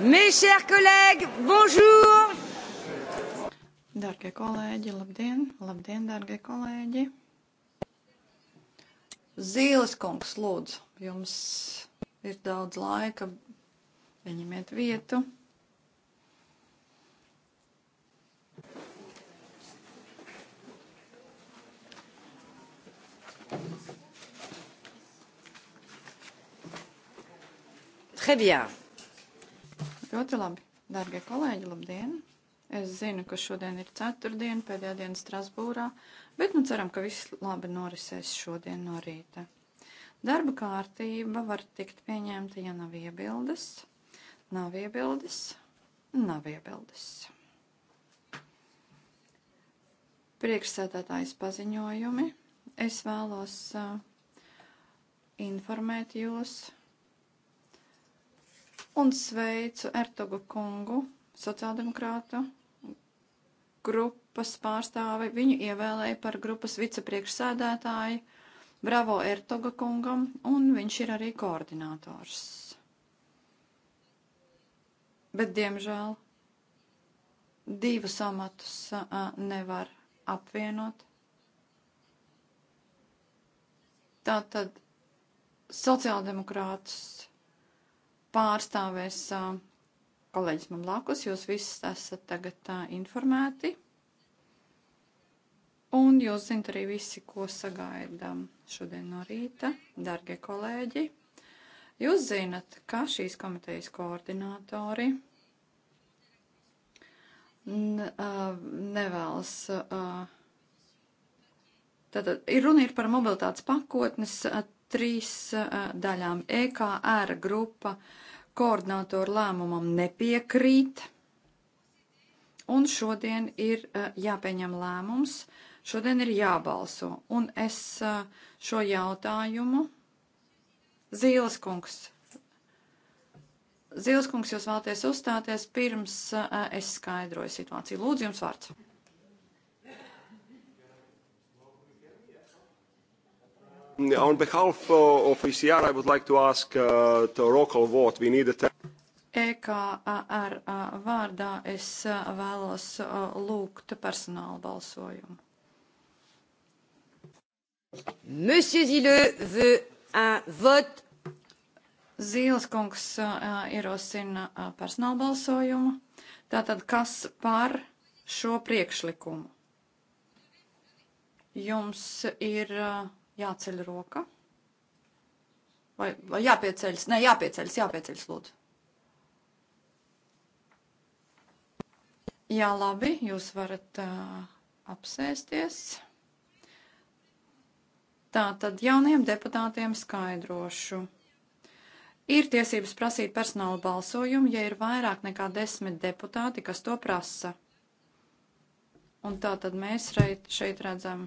Mes chers collègues, bonjour! Darbie kolēģi, labdien! Labdien, darbie kolēģi! Zīles kungs, lūdzu, jums ir daudz laika, ieņemiet vietu. Très bien. Ļoti labi. Darbie kolēģi, labdien! Es zinu, ka šodien ir ceturtdiena, pēdējā diena Strasbūrā, bet nu ceram, ka viss labi norisēs šodien no rīta. Darba kārtība var tikt pieņemta, ja nav iebildes. Nav iebildes, nav iebildes. Priekšsēdētājs paziņojumi. Es vēlos uh, informēt jūs un sveicu Ertogu kungu, sociāldemokrātu grupas pārstāvi. Viņu ievēlēja par grupas vicepriekšsēdētāju. Bravo Ertoga kungam, un viņš ir arī koordinators. Bet, diemžēl, divus amatus a, nevar apvienot. Tātad sociāldemokrātus pārstāvēs kolēģis man blakus. Jūs viss esat tagad informēti. Un jūs zinat arī visi, ko sagaidām šodien no rīta, darbie kolēģi. Jūs zinat, ka šīs komitejas koordinātori nevēlas. Tātad ir runa ir par mobilitātes pakotnes trīs eh, daļām. EKR grupa koordinātoru lēmumam nepiekrīt, un šodien ir eh, jāpieņem lēmums, šodien ir jābalso. Un es eh, šo jautājumu Zīles kungs. Zīles kungs, jūs vēlaties uzstāties pirms es skaidroju situāciju. Lūdzu, jums vārds. Mm, on behalf uh, of ECR, I would like to ask uh, to roll call vote. We need a EKR e uh, vārdā es uh, vēlos lūgt personālu balsojumu. Monsieur Zile veut un vote. Zīles kungs ierosina personālu balsojumu. Tātad, kas par šo priekšlikumu? Jums ir uh, Jāceļ roka. Vai, vai jāpieceļas? Nē, jāpieceļas, jāpieceļas, lūdzu. Jā, labi, jūs varat uh, apsēsties. Tā tad jauniem deputātiem skaidrošu. Ir tiesības prasīt personāla balsojumu, ja ir vairāk nekā desmit deputāti, kas to prasa. Un tā tad mēs šeit, šeit redzam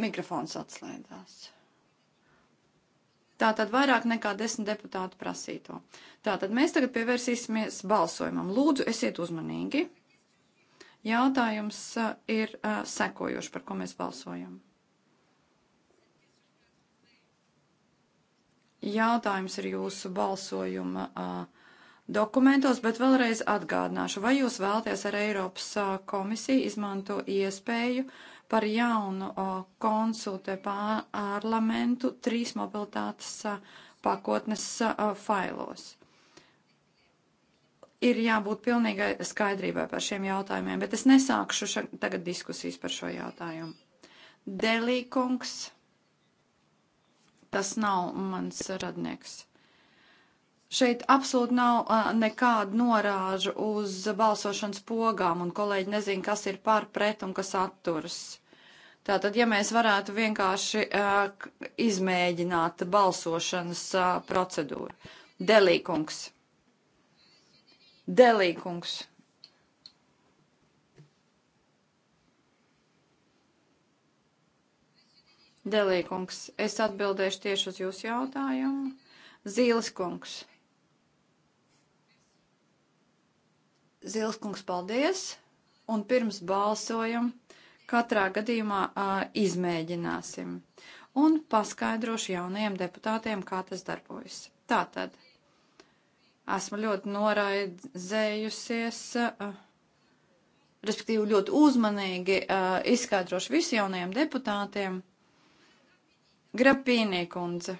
Mikrofons atslēdzās. Tātad vairāk nekā desmit deputāti prasīto. Tātad mēs tagad pievērsīsimies balsojumam. Lūdzu, esiet uzmanīgi. Jautājums uh, ir uh, sekojošs, par ko mēs balsojam. Jautājums ir jūsu balsojuma uh, dokumentos, bet vēlreiz atgādināšu, vai jūs vēlaties ar Eiropas komisiju izmanto iespēju par jaunu konsultē parlamentu trīs mobilitātes pakotnes failos ir jābūt pilnīgai skaidrībai par šiem jautājumiem, bet es nesākšu ša, tagad diskusijas par šo jautājumu. Delīkungs, tas nav mans radnieks. Šeit absolūti nav uh, nekādu norāžu uz balsošanas pogām, un kolēģi nezin, kas ir pār pret un kas atturas. Tātad, ja mēs varētu vienkārši uh, izmēģināt balsošanas uh, procedūru. Delīkungs. Delīkungs. Delīkungs, es atbildēšu tieši uz jūsu jautājumu. Zīles kungs. Zīles kungs, paldies! Un pirms balsojam, uh, katrā gadījumā uh, izmēģināsim un paskaidrošu jaunajiem deputātiem, kā tas darbojas. Tātad, esmu ļoti noraidzējusies, uh, respektīvi ļoti uzmanīgi uh, izskaidrošu visu jaunajiem deputātiem. Grapīnī kundze,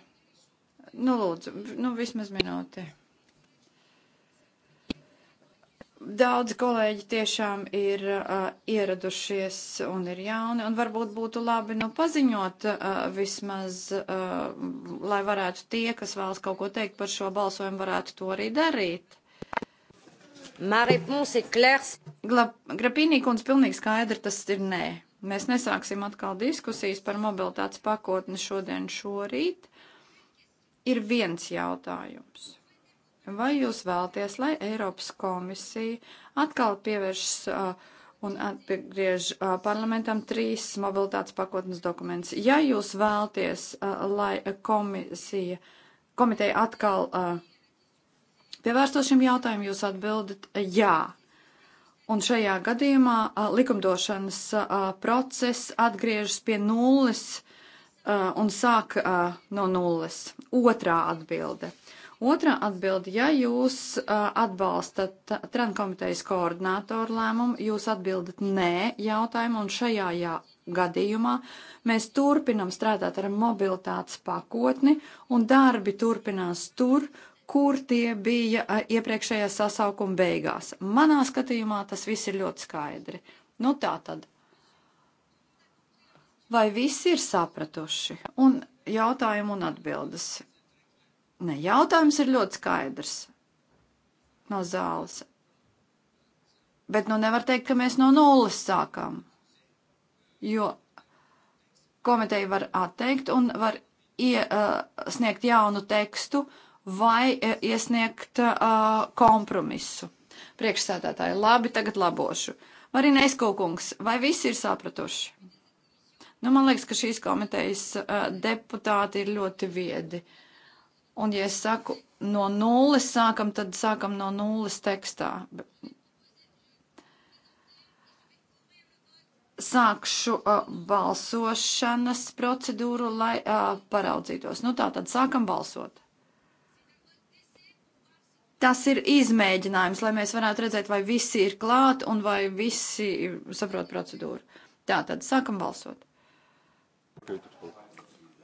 nu lūdzu, nu vismaz minūti. Daudzi kolēģi tiešām ir uh, ieradušies un ir jauni, un varbūt būtu labi nu, paziņot uh, vismaz, uh, lai varētu tie, kas vēlas kaut ko teikt par šo balsojumu, varētu to arī darīt. Grapīnī kundze pilnīgi skaidri tas ir nē. Mēs nesāksim atkal diskusijas par mobilitātes pakotni šodien šorīt. Ir viens jautājums Vai jūs vēlties, lai Eiropas komisija atkal pievēršas uh, un atgriež uh, parlamentam trīs mobilitātes pakotnes dokumentus? Ja jūs vēlties, uh, lai komisija, komiteja atkal uh, pievērsto šim jautājumam, jūs atbildat uh, jā. Un šajā gadījumā uh, likumdošanas process atgriežas pie nulles un sāk no nulles. Otrā atbilde. Uh, Otrā atbilde, ja jūs atbalstat trendkomitejas koordinātoru lēmumu, jūs atbildat nē jautājumu un šajā jā gadījumā mēs turpinam strādāt ar mobilitātes pakotni un darbi turpinās tur, kur tie bija iepriekšējā sasaukuma beigās. Manā skatījumā tas viss ir ļoti skaidri. Nu tā tad. Vai visi ir sapratuši? Un jautājumu un atbildes. Ne, jautājums ir ļoti skaidrs no zāles. Bet nu nevar teikt, ka mēs no nulles sākām. Jo komiteja var atteikt un var iesniegt uh, jaunu tekstu vai e, iesniegt uh, kompromisu. Priekšsēdētāji, labi, tagad labošu. Marina Eskūkungs, vai visi ir sapratuši? Nu, man liekas, ka šīs komitejas uh, deputāti ir ļoti viedi. Uh, Un, ja es saku no nulles sākam, tad sākam no nulles tekstā. Sākšu uh, balsošanas procedūru, lai uh, paraudzītos. Nu tā tad sākam balsot. Tas ir izmēģinājums, lai mēs varētu redzēt, vai visi ir klāt un vai visi saprot procedūru. Tā tad sākam balsot.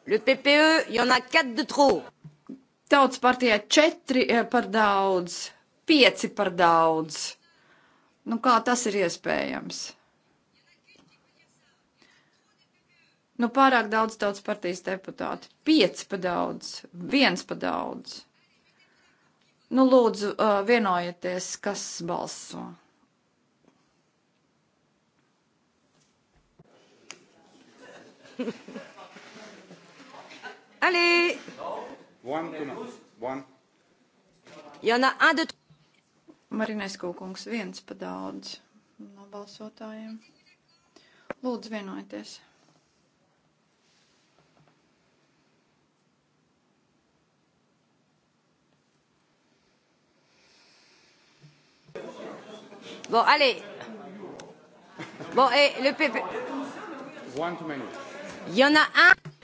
Le PPE, il y en a 4 de trop. Tautas partijai četri eh, par daudz, pieci par daudz. Nu, kā tas ir iespējams? Nu, pārāk daudz tautas partijas deputāti. Pieci par daudz, viens par daudz. Nu, lūdzu, eh, vienojieties, kas balso. Allez! Non. One, one. Marinesko kungs viens pa daudz no balsotājiem. Lūdzu, vienojieties. Bon, allez. Bon, et le PP. One too many. Il y en a un.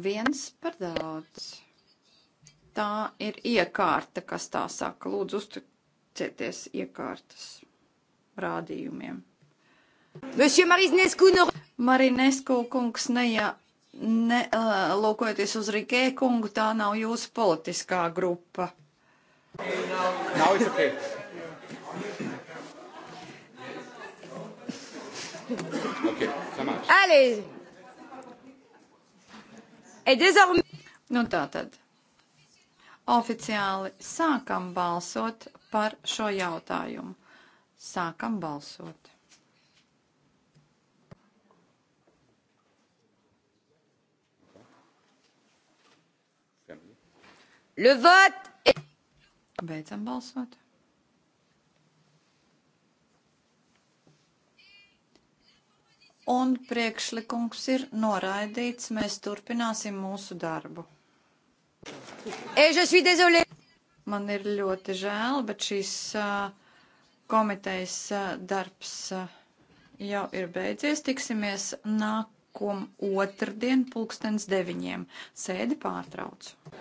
Viens par daudz. Tā ir iekārta, kas tā saka. Lūdzu, uzticieties iekārtas rādījumiem. Marinesku... Marinesku kungs neja, ne, lūkojoties uz Rikē kungu, tā nav jūsu politiskā grupa. Nav okay. okay, Allez! Et désormais... Nu tā tad. Oficiāli sākam balsot par šo jautājumu. Sākam balsot. Le vote est... Beidzam balsot. Un priekšlikums ir noraidīts. Mēs turpināsim mūsu darbu. Eh, Man ir ļoti žēl, bet šīs eh, komitejas eh, darbs jau ir beidzies. Tiksimies nākamajā. Kom otrdien pulkstens deviņiem sēdi pārtraucu.